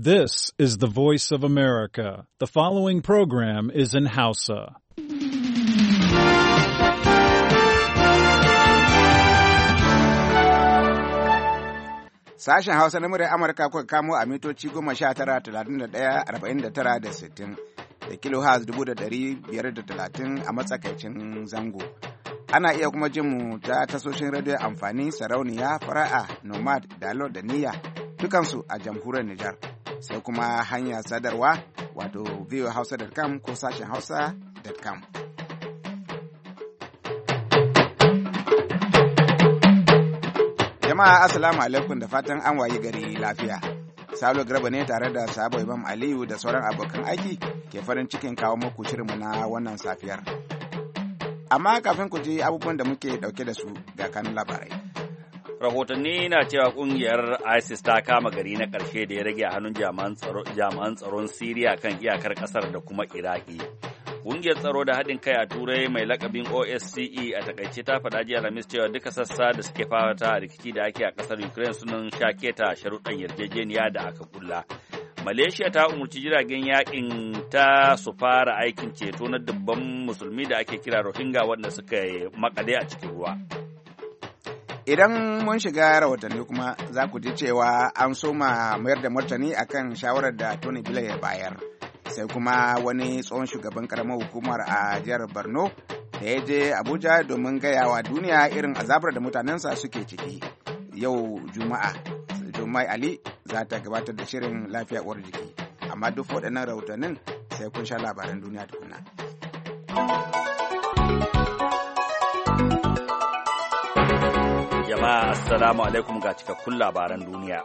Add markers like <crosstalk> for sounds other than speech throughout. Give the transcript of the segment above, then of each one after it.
This is the voice of America. The following program is in Hausa. Sashen Hausa na muryar Amurka kuka kamo a mitoci goma sha tara talatin da ɗaya arba'in da tara da sittin da kilo has dubu da ɗari biyar da talatin a matsakaicin zango. Ana iya kuma jin mu ta tasoshin rediyon amfani sarauniya fara'a nomad dalo da niyya dukansu a jamhuriyar Nijar. sai kuma hanyar sadarwa wato voahausa.com ko sashen hausa.com. Jama'a Assalamu alaikum da fatan an wayi gari lafiya. Salo Garba ne tare da Sabo Imam Aliyu da sauran abokan aiki ke farin cikin kawo muku shirinmu na wannan safiyar. Amma kafin ku ji abubuwan da muke dauke da su ga kanun labarai. rahotanni na cewa kungiyar isis ta kama gari na karshe da ya rage a hannun jami'an tsaron siriya kan iyakar kasar da kuma iraki kungiyar tsaro da haɗin kai a turai mai lakabin osce a takaice ta faɗa jiya lamis cewa duka sassa da suke a rikici da ake a ƙasar ukraine sunan shaketa sharuɗan yarjejeniya da aka kulla Malaysia ta umarci jiragen yakin ta su fara aikin ceto na dubban musulmi da ake kira Rohingya wanda suka makade a cikin ruwa. Idan mun shiga rahotanni kuma za ku ji cewa an soma mayar da martani akan shawarar da Tony Blair ya bayar. Sai kuma wani tsohon shugaban karamar hukumar a jihar Borno da ya je Abuja domin gaya wa duniya irin azabar da mutanensa suke ciki. Yau Juma'a, juma'a Ali za ta gabatar da shirin lafiya uwar jiki. Amma duk waɗannan rahotannin sai kun sha labaran duniya tukuna. Assalamu alaikum ga cikakkun labaran duniya.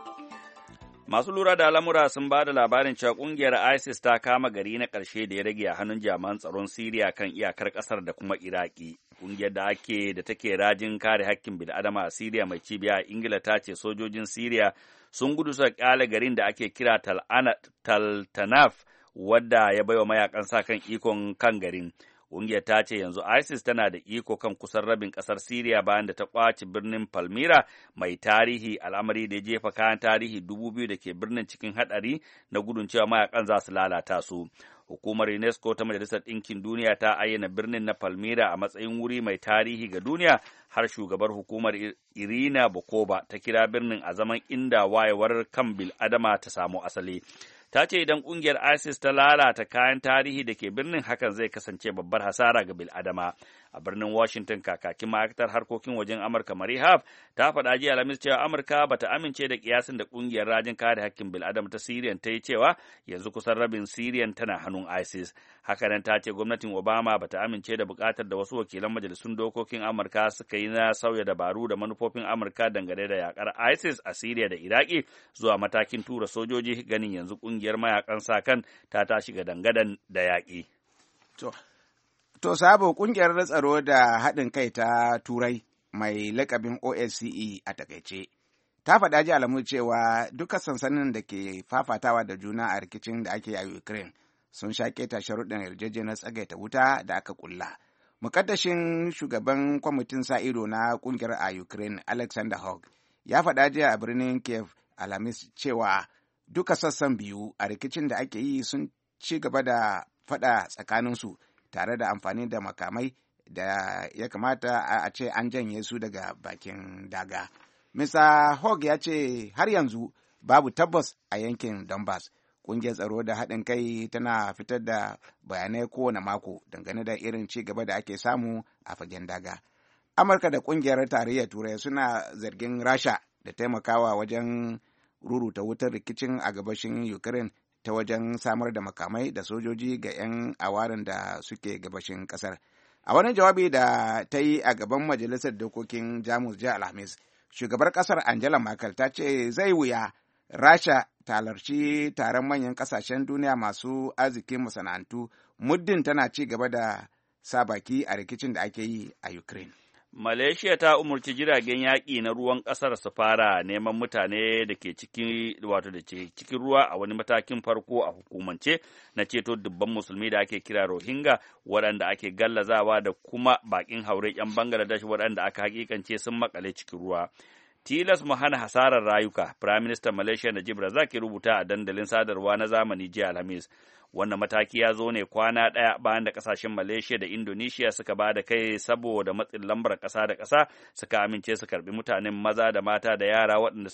Masu lura da al'amura sun ba da labarin cewa kungiyar ISIS ta kama gari na ƙarshe da ya rage a hannun jami'an tsaron Siriya kan iyakar ƙasar da kuma Iraki. Kungiyar da ake da take rajin kare hakkin bil'adama a Siriya mai cibiya a Ingila ta ce sojojin Siriya sun gudu suka ƙyale garin da ake kira Tal-Tanaf wadda ya baiwa mayakan sa kan ikon kan garin. Ƙungiyar ta ce yanzu ISIS tana da iko kan kusan rabin ƙasar Siriya bayan da ta ƙwace birnin Palmira mai tarihi al'amari da ya jefa kayan tarihi dubu biyu da ke birnin cikin haɗari na gudun cewa mayakan za su lalata su. Hukumar UNESCO ta Majalisar Ɗinkin Duniya ta ayyana birnin na Palmira a matsayin wuri mai tarihi ga duniya har shugabar hukumar Irina Bokoba ta kira birnin a zaman inda wayewar kan bil'adama ta samu asali. ta ce idan kungiyar isis ta lalata kayan tarihi da ke birnin hakan zai kasance babbar hasara ga bil'adama a birnin Washington kakakin ma'aikatar harkokin wajen Amurka Marie ta faɗa jiya Alhamis cewa Amurka ba ta amince da kiyasin da kungiyar rajin kare hakkin bil'adam ta Syrian ta yi cewa yanzu kusan rabin Syrian tana hannun ISIS. haka nan ta ce gwamnatin Obama ba ta amince da buƙatar da wasu wakilan majalisun dokokin Amurka suka yi na sauya dabaru da manufofin Amurka dangane da yakar ISIS a Syria da Iraki zuwa matakin tura sojoji ganin yanzu kungiyar mayakan sa kan ta tashi ga dangadan da yaƙi. To sabo kungiyar tsaro da haɗin kai ta Turai mai lakabin OSCE a takaice. Ta faɗa ji alamu cewa duka sansanin da ke fafatawa da juna a rikicin da ake a Ukraine sun shaƙe keta sharuɗin yarjejeniyar tsagaita wuta da aka ƙulla. Mukaddashin shugaban kwamitin sa ido na ƙungiyar a Ukraine Alexander Hogg ya faɗa jiya a birnin Kiev Alhamis cewa duka sassan biyu a rikicin da ake yi sun ci gaba da faɗa tsakaninsu. tare da amfani da makamai da ya kamata a ce an janye su daga bakin daga. Mr. Hogg ya ce har yanzu babu tabbas a yankin Donbass. Ƙungiyar tsaro da haɗin kai tana fitar da bayanai kowane mako dangane da irin ci gaba da ake samu a fagen daga. Amurka da ƙungiyar tarayyar Turai suna zargin Rasha da taimakawa wajen ruruta wutar rikicin a gabashin Ukraine ta wajen samar da makamai da sojoji ga 'yan awarin da suke gabashin kasar a wani jawabi da ta yi a gaban majalisar dokokin jamus jiya alhamis shugabar kasar angela merkel ta ce zai wuya rasha ta halarci taron manyan kasashen duniya masu arzikin masana'antu muddin tana ci gaba da sa baki a rikicin da ake yi a ukraine Malaysia ta umarci jiragen yaƙi na ruwan ƙasar su fara neman mutane da ke cikin wato cikin ruwa a wani matakin farko a hukumance na ceto dubban musulmi da ake kira Rohingya waɗanda ake gallazawa da kuma baƙin haure 'yan Bangladesh waɗanda aka hakikance sun makale cikin ruwa. tilas mu hana hasarar rayuka Firaministan Malaysia Najib Razak ya rubuta a dandalin sadarwa na zamani jiya Alhamis. wannan mataki ya zo ne kwana ɗaya bayan da ƙasashen malaysia da indonesia suka ba da kai saboda matsin lambar ƙasa da ƙasa suka amince su karbi mutanen maza da mata da yara waɗanda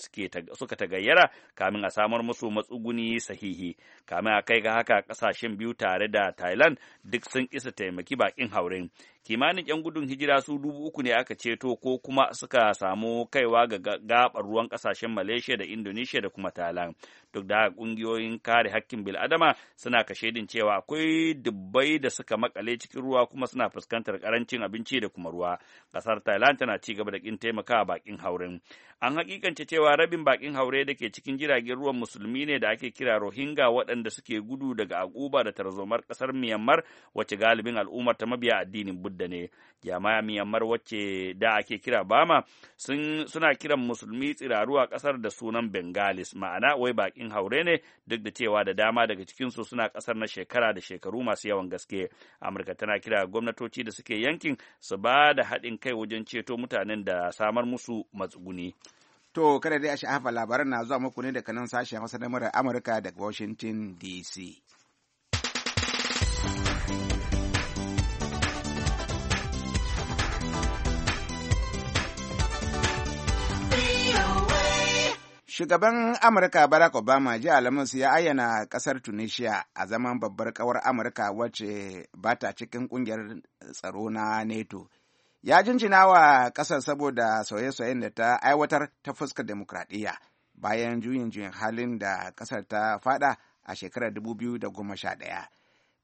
suka ta gayyara kamin a samar musu matsuguni sahihi kamin a kai ga haka kasashen biyu tare da thailand duk sun isa taimaki bakin haurin kimanin 'yan gudun hijira su dubu uku ne aka ceto ko kuma suka samu kaiwa ga gabar ruwan kasashen malaysia da indonesia da kuma thailand duk da kungiyoyin kare hakkin bil'adama suna shaidin cewa akwai dubbai da suka makale cikin ruwa kuma suna fuskantar karancin abinci da kuma ruwa kasar thailand tana ci gaba da kin taimakawa bakin hauren an hakikance cewa rabin bakin haure da ke cikin jiragen ruwan musulmi ne da ake kira rohingya waɗanda suke gudu daga aguba da tarzomar kasar myanmar wacce galibin al'ummar ta mabiya addinin budda ne jama'a myanmar wacce da ake kira bama suna kiran musulmi tsiraru a kasar da sunan bengalis ma'ana wai bakin in haure ne duk da cewa da dama daga cikinsu suna kasar na shekara da shekaru masu yawan gaske amurka tana kira gwamnatoci da suke yankin su ba da haɗin kai wajen ceto mutanen da samar musu matsuguni to kada dai a sha'afa labaran na zuwa muku ne daga nan sashen hausa na amurka daga washington dc Shugaban Amurka Barack Obama ji Alhamis ya ayyana ƙasar Tunisia a zaman babbar ƙawar Amurka wacce ba ta cikin ƙungiyar tsaro na NATO. Ya jinjina wa ƙasar saboda sauye-sauyen da ta aiwatar ta fuskar demokradiyya bayan juyin juyin halin da ƙasar ta fada a shekarar 2011.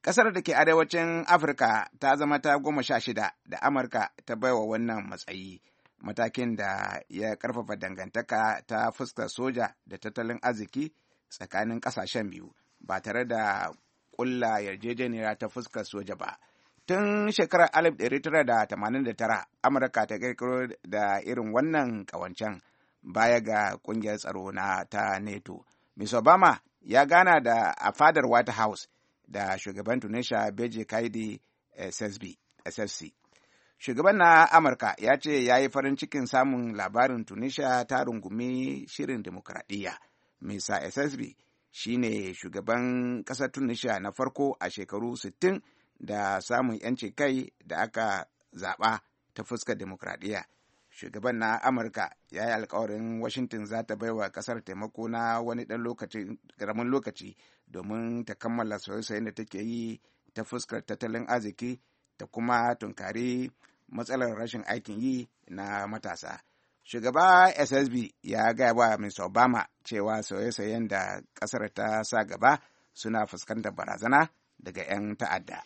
Ƙasar da ke arewacin Afirka ta zama ta goma sha shida da Amurka ta baiwa wannan matsayi. matakin da ya karfafa dangantaka ta fuskar soja da tattalin arziki tsakanin kasashen biyu ba tare da ƙulla yarjejeniya ta fuskar soja ba. Tun shekarar 1989 Amurka ta kirkiro da irin wannan ƙawancen baya ga ƙungiyar tsaro na ta NATO. Ms. Obama ya gana da a fadar White House da shugaban Tunisia Beji Kaidi eh, SSB, Shugaban na Amurka ya ce ya yi farin cikin samun labarin Tunisia ta rungumi shirin demokradiyya Misa SSB shi ne shugaban ƙasar Tunisia na farko a shekaru 60 da samun 'yanci kai da aka zaɓa ta fuskar demokradiyya. Shugaban na Amurka ya yi alkawarin Washington za ta baiwa ƙasar taimako na wani ɗan lokaci, lokaci domin ta kammala sauye-sauyen da take yi ta fuskar tattalin arziki da kuma tunkari matsalar rashin aikin yi na matasa. Shugaba SSB ya gaya wa Mr. Obama cewa sauye-sauyen da ƙasar ta sa gaba suna fuskantar barazana daga 'yan ta'adda.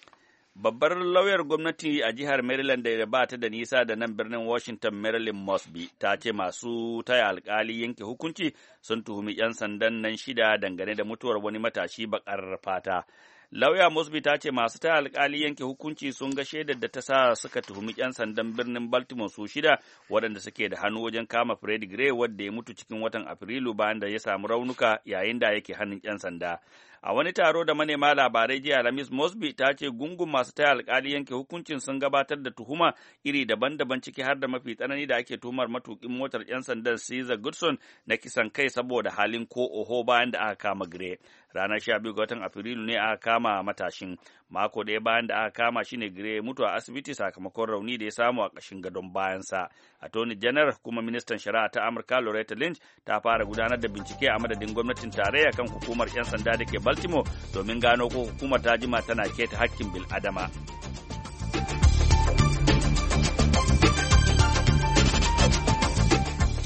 Babbar lauyar gwamnati a jihar Maryland da ba ta da nisa da nan birnin Washington Maryland Mosby ta ce masu taya alkali yanke hukunci sun tuhumi 'yan sandan nan shida dangane da mutuwar wani matashi bakar fata. lauya mosby ta ce masu ta alkali yanke hukunci sun ga shaidar da ta sa suka tuhumi 'yan sandan birnin baltimore su shida waɗanda suke da hannu wajen kama fred gray wadda ya mutu cikin watan afrilu bayan da ya samu raunuka yayin da yake hannun 'yan sanda A wani taro da manema labarai jiya Lamis Mosby ta ce gungun masu taya alkali yanke hukuncin sun gabatar da tuhuma iri daban-daban ciki har da mafi tsanani da ake tuhumar matukin motar 'yan sandan Caesar Goodson na kisan kai saboda halin ko oho bayan da aka kama gire. Ranar biyu ga watan Afrilu ne aka kama matashin. Mako ɗaya bayan da aka kama shi ne ya mutu a asibiti sakamakon rauni da ya samu a ƙashin gadon bayansa. a Tony Jenner kuma ministan shari'a ta Amurka Loretta Lynch ta fara gudanar da bincike a madadin gwamnatin tarayya kan hukumar 'yan sanda da ke ba. baltimore domin gano ko hukumar ta jima tana keta hakkin bil'adama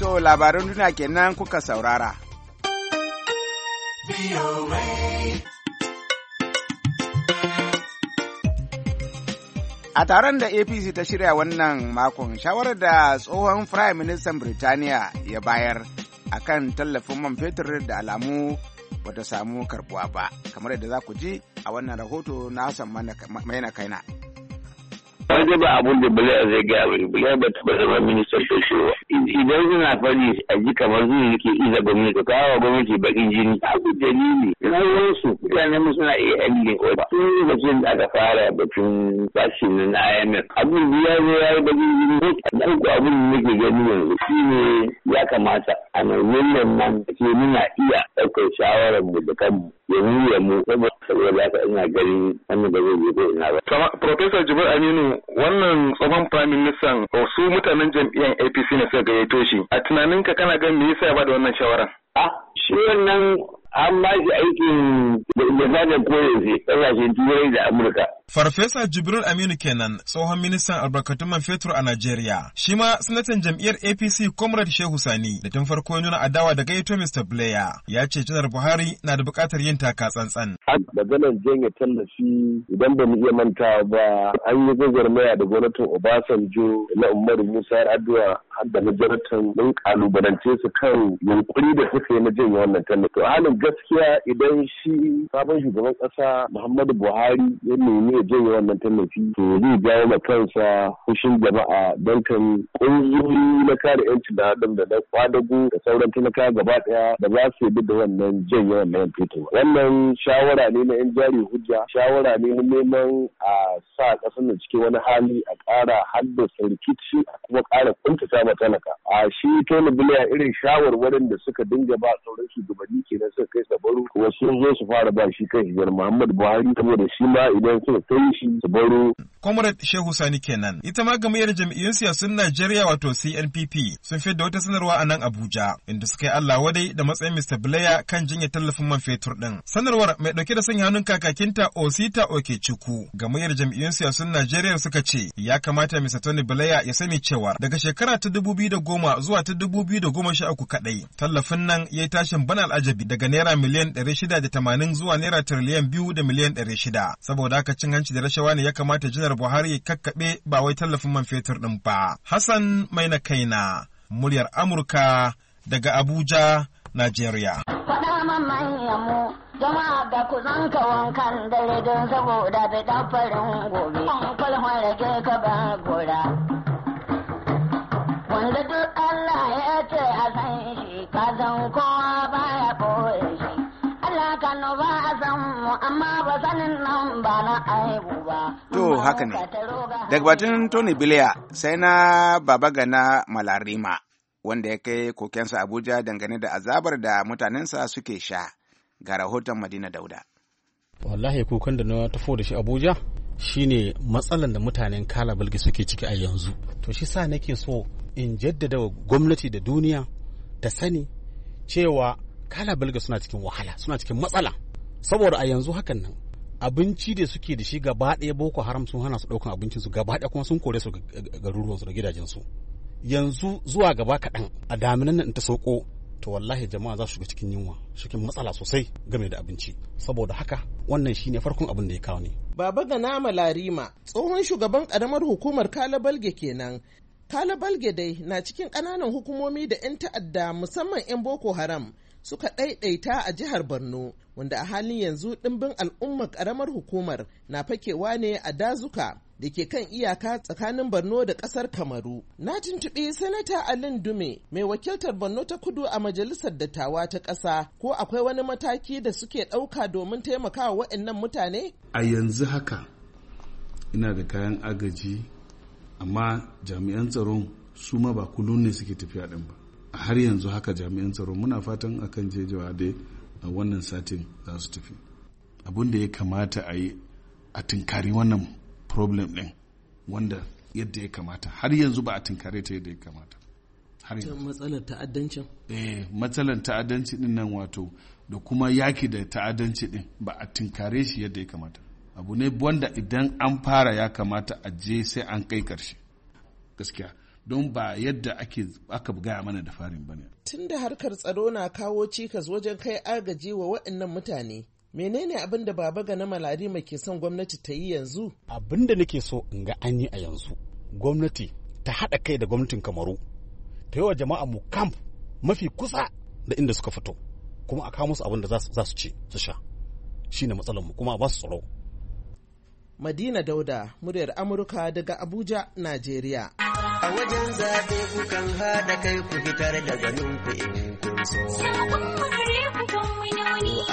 to labaran duniya kenan kuka saurara A taron da APC ta shirya wannan makon shawarar da tsohon Firayim Ministan Birtaniya ya bayar a kan tallafin man fetur da alamu bata samu karbuwa ba kamar yadda za ku ji a wannan rahoto na Hassan Maina Kaina. An ba abun da bilal zai gaya mai bata ba ta zama ministan ba. idan suna fari a ji kamar zuwa yake iza gwamnati kawo gwamnati bakin jini a ku dalili na wasu mutanen mu suna iya handling oda tun lokacin da aka fara batun fashin na IMF abin da ya zo ya yi bakin jini ko a dan ku abin da nake gani yanzu shi ne ya kamata a nan nan ke muna iya ɗaukar shawarar mu da kanmu ya nuna mu saboda ba ka ina ganin wannan ba zai je ina ba. Professor Jibril Aminu wannan tsohon Firaministan su mutanen jam'iyyar APC ne sai ya toshe. a tunaninka kana gan me yasa ya bada wannan shawaran a shi wannan an ba shi aikin da zaga koyaushe ƙasashen turai da amurka Farfesa Jibril Aminu kenan tsohon ministan albarkatun man fetur a Najeriya. Shi ma sanatan jam'iyyar APC Comrade Shehu Sani da tun farko ya nuna adawa da gaito Mr. Blair ya ce Janar Buhari na da buƙatar yin taka tsantsan. Maganar janye tallafi idan ba mu iya manta ba an yi gwagwarmaya da gwamnatin Obasanjo na Umaru Musa Addu'a har da majalatan mun kalubalance su kan yunkuri da suka yi na janye wannan tallafi. To halin gaskiya idan shi sabon shugaban ƙasa Muhammadu Buhari ya nemi ya janye wannan tallafi to zai jawo ma kansa fushin jama'a don kan ƙungiyoyi na kare yanci da haɗin da na kwadago da sauran talaka gaba ɗaya da za su yi da wannan janye wannan fito wannan shawara ne na yan jari hujja shawara ne na neman a sa ƙasar da cikin wani hali a ƙara haddasa rikici a kuma ƙara kuntata ma talaka a shi tona biliya irin shawarwarin da suka dinga ba sauran shugabanni kenan suka kai sabaru kuma sun zo su fara ba shi kan shigar Muhammadu buhari saboda shi ma idan suka kai shi su baro. Comrade Shehu Sani kenan. Ita ma gamayyar jam'iyyun siyasun Najeriya wato CNPP sun fi da wata sanarwa a nan Abuja inda suka yi Allah wadai da matsayin Mr. Bilaya kan jinya tallafin man fetur din. Sanarwar mai ɗauke da sanya hannun kakakinta Osita Okechukwu gamayyar jam'iyyun siyasun Najeriya suka ce ya kamata Mr. Tony Bilaya ya sani cewa daga shekara ta dubu biyu da goma zuwa ta dubu biyu da goma sha uku kaɗai tallafin nan ya yi tashin bana al'ajabi daga naira miliyan ɗari shida da tamanin zuwa naira tiriliyan biyu da miliyan ɗari shida saboda haka cin hanci da rashawa ne ya kamata janar Buhari ya kakkaɓe ba wai tallafin man fetur ɗin ba. Hassan mai na kaina, muryar Amurka daga Abuja, Najeriya. Faɗa man manyanmu, jama'a da ku zanka wankan dare don saboda bai farin gobe. Kwalhon rage ka ban gora. To haka ne, daga batun Tony Bilia sai na baba gana Malarima, wanda ya kai kokensa Abuja dangane da azabar da mutanensa suke sha ga rahoton Madina Dauda. Wallahi kukan da na tafo da shi Abuja shine matsalan da mutanen Kala Bilgi suke ciki a yanzu. To shi sa nake so in jaddada gwamnati da duniya ta sani cewa Kala Bilgi suna cikin wahala, suna cikin matsala. Saboda a yanzu hakan nan abinci da suke da shi gaba ɗaya boko haram sun hana su ɗaukan abincin su gaba ɗaya kuma sun kore su garuruwansu da su yanzu zuwa gaba kaɗan a daminan nan ta sauko to wallahi jama'a za su shiga cikin yunwa cikin matsala sosai game da abinci saboda haka wannan shine farkon abin da ya kawo ne baba nama Larima tsohon shugaban karamar hukumar kalabalge kenan kalabalge dai na cikin ƙananan hukumomi da 'yan ta'adda musamman 'yan boko haram suka ɗaiɗaita a jihar Borno wanda a halin yanzu ɗimbin al'ummar ƙaramar hukumar na fakewa ne a dazuka da ke kan iyaka tsakanin Borno da ƙasar Kamaru. Na tuntuɓi Sanata Alin Dume mai wakiltar Borno ta kudu a majalisar dattawa ta ƙasa ko akwai wani mataki da suke ɗauka domin taimakawa waɗannan mutane? A yanzu haka ina da kayan agaji amma jami'an tsaron su ma ba kullum ne suke tafiya ɗin ba. har yanzu haka jami'an tsaro muna fatan akan jejewa dai a wannan satin za su tafi abin da ya kamata a yi a tunkari wannan problem ɗin wanda yadda ya kamata har yanzu ba a tunkare ta yadda ya kamata har yanzu matsalar ta'addanci eh matsalar ta'addanci din nan wato da kuma yaki da ta'addanci din ba a tunkare shi yadda ya kamata abu ne wanda idan an fara ya kamata a je sai an kai karshe gaskiya don ba yadda ake aka gaya mana da farin bane tun da harkar tsaro na kawo cikas wajen kai agaji wa waɗannan mutane menene abin da baba ga na malari ke son gwamnati ta yi yanzu abin da nake so in ga an yi a yanzu gwamnati ta haɗa kai da gwamnatin kamaru ta yi wa jama'a mu camp mafi kusa da inda suka fito kuma a kawo musu abin da za su ci su sha shine matsalar mu kuma ba su tsaro Madina Dauda, muryar Amurka daga Abuja, Najeriya. a wajen zaɓe kukan haɗa kai ku fitar da ganin ku in kun so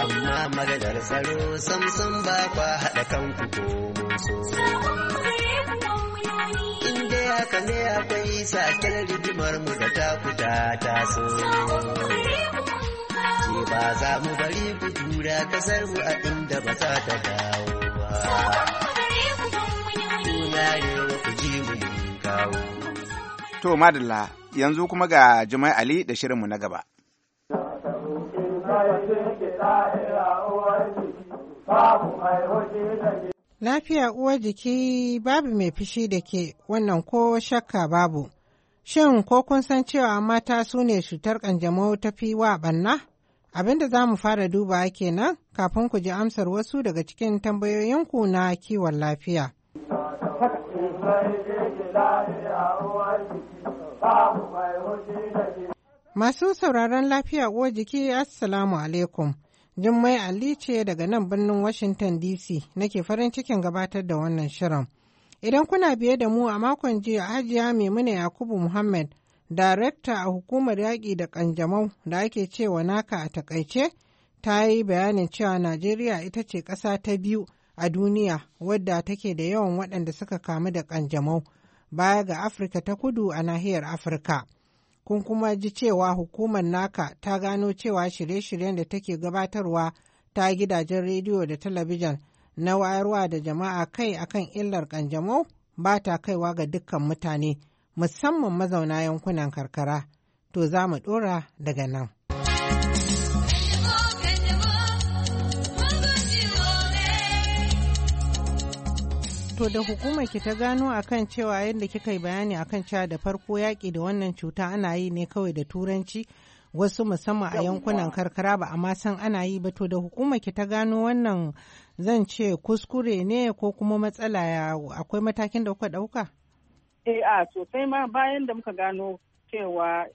amma maganar tsaro samsam ba kwa haɗa kanku ko mun so in dai haka ne akwai sakin rigimar mu da kuta ta so. ce ba za mu bari ku tura kasar mu a inda ba za ta dawo ba Tuna rewa ku ji mu kawo To madalla yanzu kuma ga Jumai Ali da shirinmu na gaba. Lafiya uwar jiki babu mai fushi da ke wannan ko shakka babu. Shin ko kun san cewa mata su ne cutar ƙanjamau ta fi wa ɓanna? Abin da za mu fara duba kenan kafin ku ji amsar wasu daga cikin tambayoyinku na kiwon lafiya. Masu sauraron lafiya uwa jiki Assalamu alaikum. Jummai Ali ce daga nan birnin Washington DC nake farin cikin gabatar da wannan shirin. Idan kuna biye da mu a makon jiya Hajiya Maimuna Yakubu Muhammad, Darekta a hukumar yaƙi da ƙanjamau da ake cewa naka a takaice, ta yi bayanin cewa Najeriya ita ce ƙasa ta biyu a duniya wadda take da yawan waɗanda suka kamu da ƙanjamau baya ga Afirka ta kudu a nahiyar Afirka. Kun kuma ji cewa hukumar naka ta gano cewa shirye-shiryen da take gabatarwa ta gidajen rediyo da talabijin na wayarwa da jama'a kai akan illar ƙanjamau ba ta kaiwa ga dukkan mutane musamman mazauna yankunan karkara. To za mu ɗora daga nan. To da hukumar ki ta gano a kan cewa yadda kika yi bayani kan cewa da farko yaƙi da wannan cuta ana yi ne kawai da turanci wasu musamman a yankunan karkara ba amma san ana yi ba to da hukumar ki ta gano wannan zan ce kuskure ne ko kuma matsala ya akwai matakin da kuka ɗauka? Eh a sosai ma bayan da muka gano cewa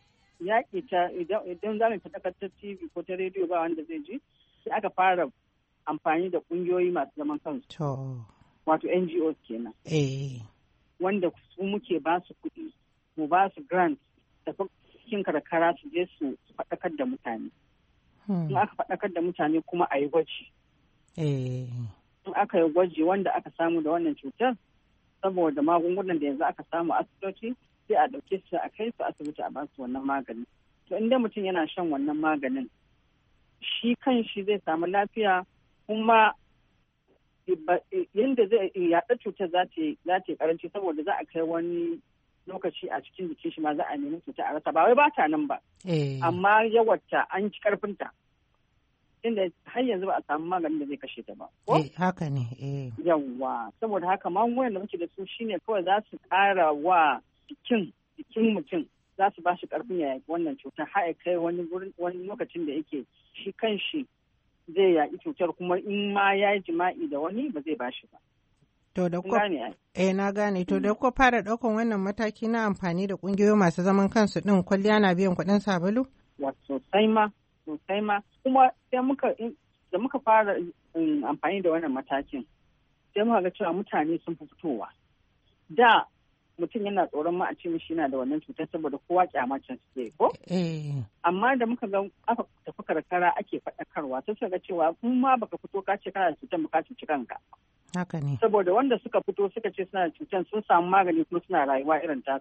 yaƙi ta idan za mu ta TV ko ta rediyo ba wanda zai ji sai aka fara amfani da ƙungiyoyi masu zaman kansu. wato NGOs kenan. Eh. Wanda su muke ba su kuɗi, mu ba su grant da cikin karkara su je su faɗakar da mutane. Hmm. In aka faɗakar da mutane kuma a yi gwaji. Eh. In aka yi gwaji wanda aka samu da wannan cutar, saboda magungunan da yanzu aka samu asibitoci sai a ɗauke su a kai su asibiti a basu wannan maganin. To inda mutum yana shan wannan maganin, shi kan shi zai samu lafiya kuma Eh, yadda zai eh, yaɗa cutar za ta yi karanci saboda za a kai wani lokaci a cikin jikin shi ma za a nemi cuta a rasa ba wai ba ta nan ba eh. amma yawarta an ci karfinta inda har yanzu ba a samu maganin da zai kashe ta ba ko haka ne yawa saboda haka magungunan da muke da su shine kawai za su ƙara wa jikin jikin mutum za su ba shi karfin ya wannan cutar har ya kai wani lokacin da yake shi kan shi zai yaƙi cutar kuma in ma ya yi jima'i da wani ba zai bashi ba. To da ko eh na gane to da mm. ko fara ɗaukan wannan mataki na amfani da ƙungiyoyi masu zaman kansu ɗin kwalliya na biyan kuɗin sabulu? Ya sosai ma sosai ma kuma sai muka da muka fara um, amfani da wannan matakin sai muka ga cewa mutane sun fi fitowa. Da mutum yana tsoron ma a ce mishi yana da wannan cutar saboda kowa kyamacin suke ko eh. amma da muka ga aka tafi karkara ake faɗakarwa sai suka cewa kuma ma baka fito ka ce kana da cutar ba ka cuci kanka haka ne saboda wanda suka fito suka ce suna da cutar sun samu magani kuma suna rayuwa irin ta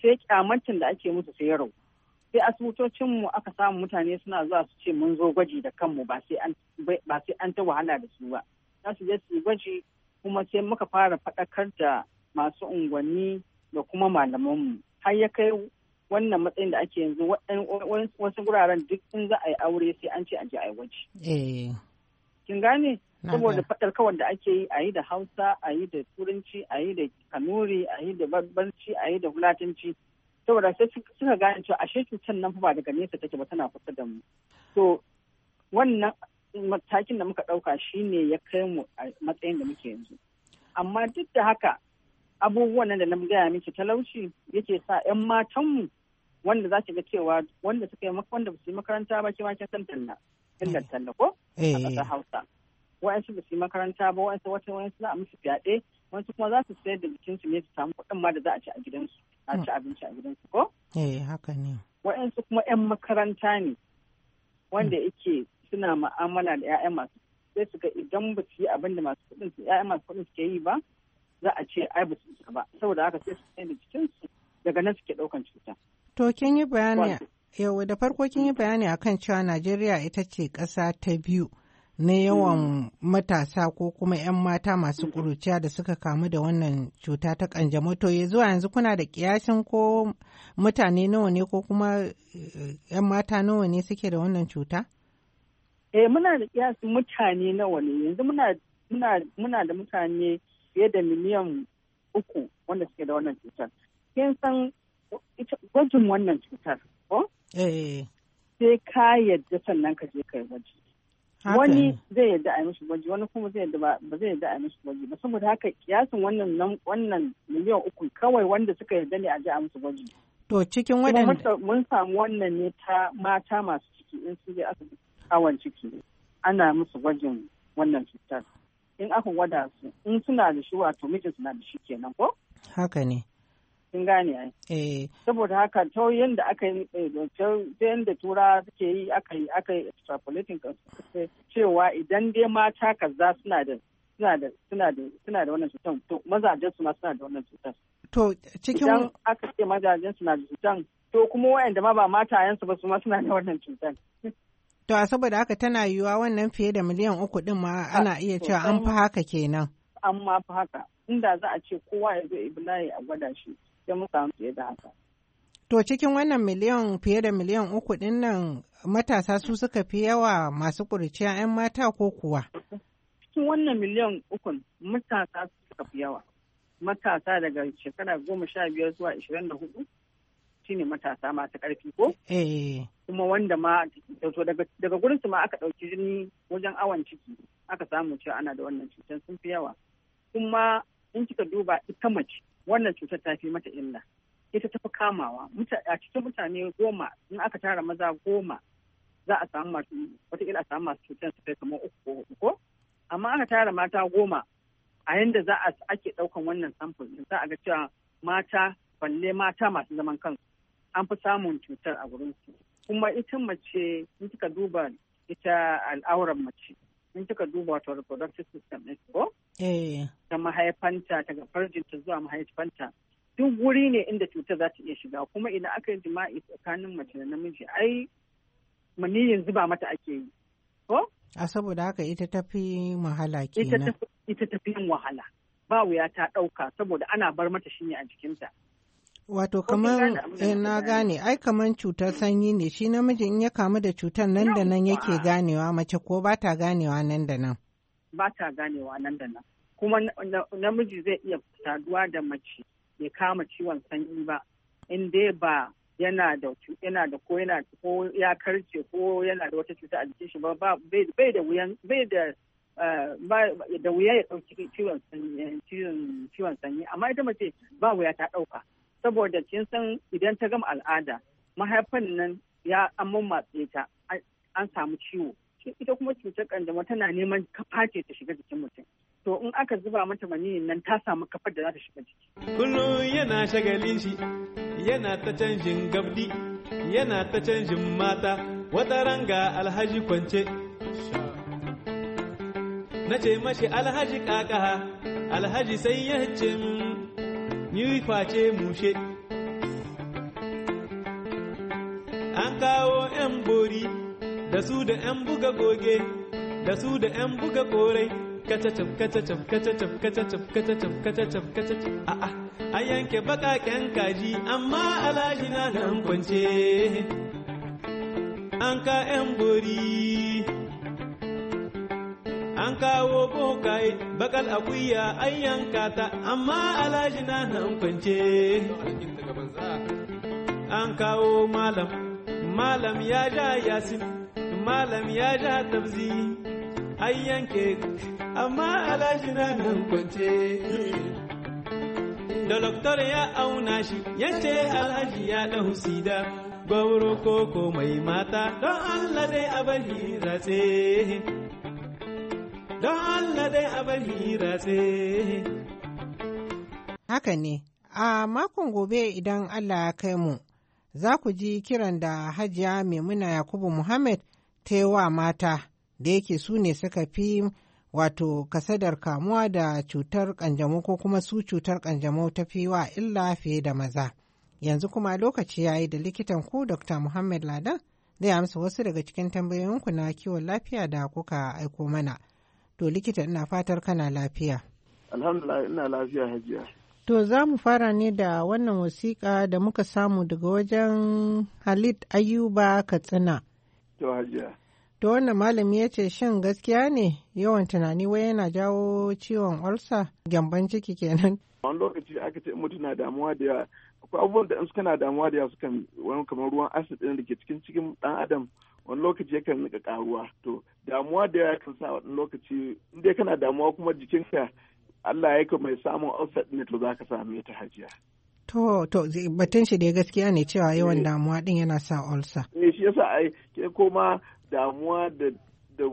sai kyamacin da ake musu sai yaro sai asibitocin mu aka samu mutane suna zuwa su ce mun zo gwaji da kanmu ba sai an ta wahala da su ba za su je su gwaji kuma sai muka fara faɗakar da masu unguwanni da kuma malamanmu har ya kai wannan matsayin da ake yanzu wasu guraren duk in za a yi aure sai an ce a je a eh. Kin gane? Saboda faɗar kawai da ake yi a yi da Hausa, a yi da Turanci, a yi da Kanuri, a yi da Barbarci, a yi da Fulatanci. Saboda sai suka gane cewa ashe cutar nan ba daga nesa take ba tana kusa da mu. To wannan matakin da muka ɗauka shine ya kai mu a matsayin da muke yanzu. Amma duk da haka abubuwan nan da na gaya miki talauci yake sa 'yan matanmu wanda za ki ga cewa wanda suka yi wanda su yi makaranta ba kima kin san talla illar talla ko a ƙasar Hausa wa'ansu ba su yi makaranta ba eh. wa'ansu wata wa'ansu za a musu fyaɗe wa'ansu kuma za su sayar da jikinsu ne su samu kuɗin ma da za a ci a gidansu a ci abinci a gidansu ko eh haka ne wa'ansu kuma 'yan makaranta ne wanda hmm. yake suna ma'amala da 'ya'ya masu sai su ga idan ba su yi abin da masu kuɗin su 'ya'ya masu kuɗin suke yi ba za a ce ai ba isa ba saboda haka sai su tsaye cikin su daga nan suke daukan cuta. To kin yi bayani yau da farko kin yi bayani akan cewa Najeriya ita ce ƙasa ta biyu na yawan mm. matasa ko kuma 'yan mata masu mm. ƙuruciya da suka kamu da wannan cuta ta kanjamau to ya zuwa yanzu kuna da kiyashin ko mutane nawa ne ko kuma 'yan eh, mata nawa ne suke da wannan cuta? Eh muna da kiyashin mutane nawa ne yanzu muna da mutane fiye da miliyan uku wanda suke da wannan cutar. Kin san gwajin wannan cutar, ko? Eh. Sai ka yadda sannan ka je kai gwaji. Wani zai yadda a yi mishi gwaji, wani kuma zai yadda ba zai yadda a yi mishi gwaji. Ba saboda haka kiyasin wannan wannan miliyan uku kawai wanda suka yadda ne a je a musu gwaji. To cikin waɗanda. Mun samu wannan ne ta mata masu ciki in su je asibiti awon ciki. Ana musu gwajin wannan cutar. in aka gwada su in suna da shi wato mijin suna da shi kenan ko haka ne kin gane ai eh saboda haka ta yanda aka yi eh, yanda tura suke yi aka yi aka yi extrapolating cewa idan dai mata kaza suna da suna da suna da suna da wannan cutar to mazajen su ma suna da wannan cutar to cikin idan aka ce mazajen suna da cutar to kuma wayanda ma ba matayen su ba su ma suna da wannan cutar. To a saboda haka tana yiwuwa wannan fiye da miliyan uku din ma ah, ana iya cewa an fi haka kenan. An ma fi haka inda za a ce kowa ya zo Iblayi a gwada shi ya musa fiye da haka. To cikin wannan miliyan fiye da miliyan uku din nan matasa su suka fi yawa masu ƙuriciya 'yan mata ko kuwa? Cikin wannan miliyan ukun matasa su suka fi yawa. Matasa daga shekara goma sha biyar zuwa ishirin da hudu Shi ne matasa masu karfi ko eh. kuma wanda ma daga gurin su ma aka ɗauki jini wajen awon ciki aka samu cewa ana da wannan cutar sun fi yawa kuma in kika duba ita mace wannan cutar ta fi mata illa ita ta fi kamawa a cikin mutane goma in aka tara maza goma za a samu masu wataƙila a samu masu cutar su kai kamar uku ko hudu ko amma aka tara mata goma a yanda za a ake ɗaukan wannan samfur za a ga cewa mata balle mata masu zaman kansu an fi samun cutar a wurin su kuma ita mace in kika duba ita al'auran mace in kika duba wato reproductive system ɗin ko eh. ta mahaifanta daga farjinta zuwa mahaifanta duk wuri ne inda cutar za ta iya shiga kuma idan aka yi jima'i tsakanin mace da namiji ai maniyin zuba mata ake yi ko a saboda haka ita tafi wahala kenan ita tafi yin wahala ba wuya ta ɗauka saboda ana bar mata shi ne a jikinta Wato kamar eh, na gane ai kamar cutar sanyi ne shi namijin ya kamu da cutar nan da nan yake ganewa mace ko ba ta ganewa nan da nan. Ba ta ganewa nan da nan. Kuma namiji zai iya saduwa da mace mai kama ciwon sanyi ba in dai ba yana da yana da ko yana ko ya karce ko yana da wata cuta a jikin shi ba bai da wuyan bai da eh, da wuya ya ɗauki eh, ciwon sanyi amma ita mace ba wuya ta ɗauka saboda kin san idan ta gama al'ada mahaifan nan ya an mammatse ta an samu ciwo ita kuma cutar kanjamau tana neman kafa ta shiga jikin mutum to in aka zuba mata maniyin nan ta samu kafar da za ta shiga jiki kullum yana shagalin shi yana ta canjin gabdi yana ta canjin mata wata ranga alhaji kwance na ce mashi alhaji kakaha alhaji sai ya ce ni face mushe. An kawo ‘yan bori da su da ‘yan buga goge, da su da ‘yan buga korai, kacacaf kacacaf kacacaf kacacaf kacacaf kacacaf a a'a. An yanke baƙaƙen kaji amma alaji na nan kwance. An ka ‘yan bori an kawo bokaye bakal akuya an yanka ta amma alhaji na nan kwance an kawo malam malam ya ja yasin malam ya ja tabzi an yanke amma alhaji na nan kwance da doktor ya auna shi ya ce alhaji ya ɗau sida gwauro koko mai mata don Allah dai a bari ratse. don Allah dai Haka ne, a makon gobe idan Allah ya kai mu, za ku ji kiran da hajiya Maimuna Yakubu Muhammad ta wa mata da yake su ne suka fi wato kasadar kamuwa da cutar ƙanjamau ko kuma su cutar ƙanjamau ta fi wa illa fiye da maza. Yanzu kuma lokaci ya yi da likitan ku Dr. Muhammad Ladan zai amsa wasu daga cikin tambayoyinku na kiwon lafiya da kuka aiko mana. To likita ina fatar kana lafiya. Alhamdulillah ina lafiya hajiya. To za mu fara ne da wannan wasiƙa da muka samu daga wajen Halit Ayuba Katsina. To hajiya. To wannan malami ya ce shin gaskiya ne yawan tunani wai yana jawo ciwon ulsa gyamban ciki kenan. <laughs> Wani lokaci aka ce mutum na damuwa da yawa akwai abubuwan da in suka na damuwa da yawa sukan wani kamar ruwan acid ɗin da ke cikin cikin ɗan adam wani lokaci yakan nika karuwa to damuwa da ya kan sa wani lokaci in dai kana damuwa kuma jikinka Allah ya mai samun offset ne to zaka same ta hajiya To, to, batun shi dai gaskiya ne cewa yawan eh. damuwa din yana sa ulsa. Ne eh, shi yasa ai ke koma damuwa da da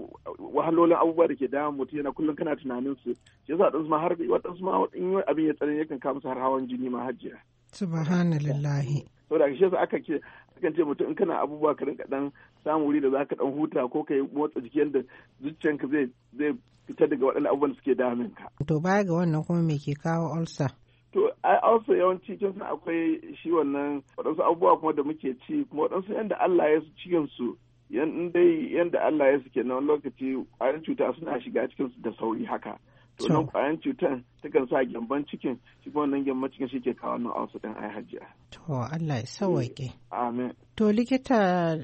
wahalolin abubuwa da ke damun mutum yana kullum kana tunanin su. Shi yasa dan ma har wadansu ma in abin ya tsare yakan kawo musu har hawan jini ma hajiya. Subhanallahi. Saboda shi yasa aka ce akan ce mutum in kana abubuwa ka rinka dan samu wuri da za ka ɗan huta ko ka yi motsa jiki yadda zuciyanka zai zai fitar daga waɗannan abubuwan da suke damin ka. To baya ga wannan kuma me ke kawo ulcer? To ulcer yawanci kin san akwai shi wannan waɗansu abubuwa kuma da muke ci kuma waɗansu yadda Allah ya su cikin su yan dai yadda Allah ya suke na wani lokaci ƙwayar cuta suna shiga cikin su da sauri haka. to nan kwayan cutan takan sa gyamban cikin shi nan gyamban cikin shi ke kawo nan ausu din ai to Allah ya sauwaƙe eh, amin to likita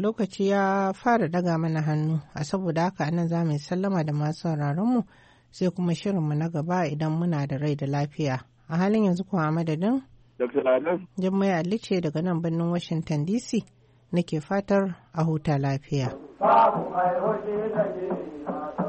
lokaci ya fara daga mana hannu a saboda haka anan za mu sallama da masu sauraron mu sai kuma shirin mu na gaba idan muna da rai da lafiya a halin yanzu kuma madadin Dr. Ladan. Jummai Ali ce daga nan birnin Washington DC nake fatar a huta lafiya. Babu ai hoje da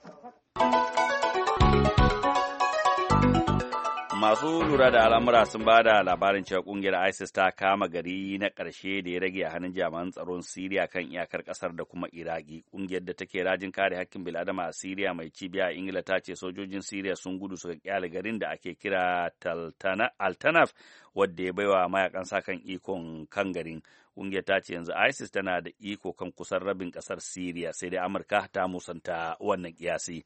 masu lura da al'amura sun ba da labarin cewa kungiyar isis ta kama gari na ƙarshe da ya rage a hannun jami'an tsaron siriya kan iyakar kasar da kuma iraki ƙungiyar da take rajin kare hakkin bil'adama a siriya mai cibiya a ingila ta ce sojojin siriya sun gudu suka kyale garin da ake kira altanaf wadda ya baiwa mayakan sa kan ikon kan garin ƙungiyar ta ce yanzu isis tana da iko kan kusan rabin kasar siriya sai dai amurka ta musanta wannan kiyasi.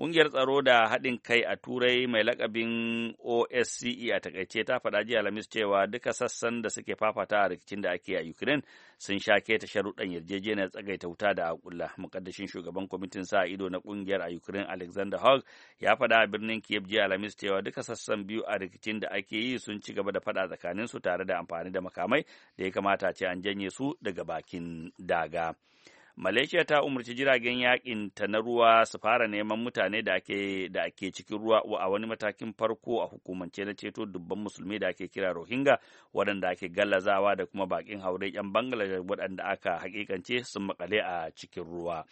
Ƙungiyar tsaro da haɗin kai a Turai mai lakabin OSCE a takaice ta faɗa jiya Alhamis cewa duka sassan da suke fafata a rikicin da ake a Ukraine sun sha ta sharuɗan yarjejeniyar tsagaita wuta da akulla. muƙaddashin shugaban kwamitin sa ido na ƙungiyar a Ukraine Alexander Hogg ya faɗa a birnin Kiev jiya Alhamis cewa duka sassan biyu a rikicin da ake yi sun ci gaba da faɗa tsakanin su tare da amfani da makamai da ya kamata ce an janye su daga bakin daga. Malaysia ta umarci jiragen yakin ta na ruwa su fara neman mutane da ake da ake cikin ruwa a wani matakin farko a hukumance na ceto dubban musulmi da ake kira Rohingya waɗanda ake gallazawa da kuma bakin haure 'yan Bangladesh waɗanda aka hakikance sun makale a cikin ruwa.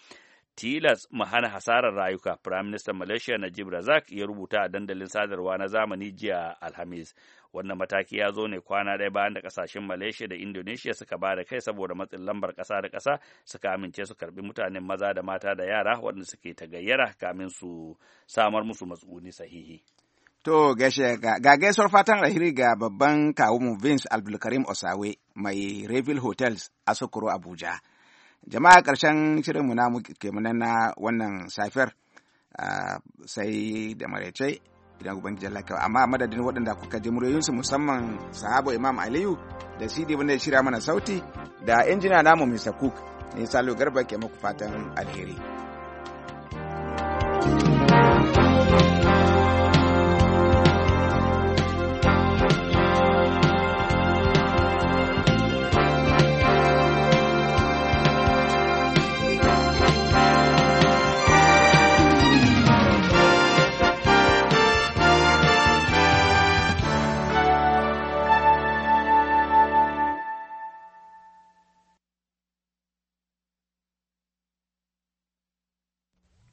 tilas mu hana hasarar rayuka firaministan malaysia najib razak ya rubuta a dandalin sadarwa na zamani jiya alhamis wannan mataki ya zo ne kwana ɗaya bayan da kasashen malaysia da indonesia suka ba da kai saboda matsin lambar ƙasa da ƙasa suka amince su karbi mutanen maza da mata da yara waɗanda suke gayyara kamin su samar musu matsuguni sahihi To gaishe ga gaisuwar fatan rahiri ga babban kawunmu Vince Abdulkarim Osawe mai Reville Hotels a Sokoro Abuja. jama'a ƙarshen shirinmu na kemunan na wannan safiyar sai da maraice idan ubangiji Allah kawai amma madadin waɗanda kuka ji muryoyinsu musamman sahabo imam aliyu da sidi wanda ya shirya mana sauti da injina namu mr cook ne salo garba ke muku fatan alheri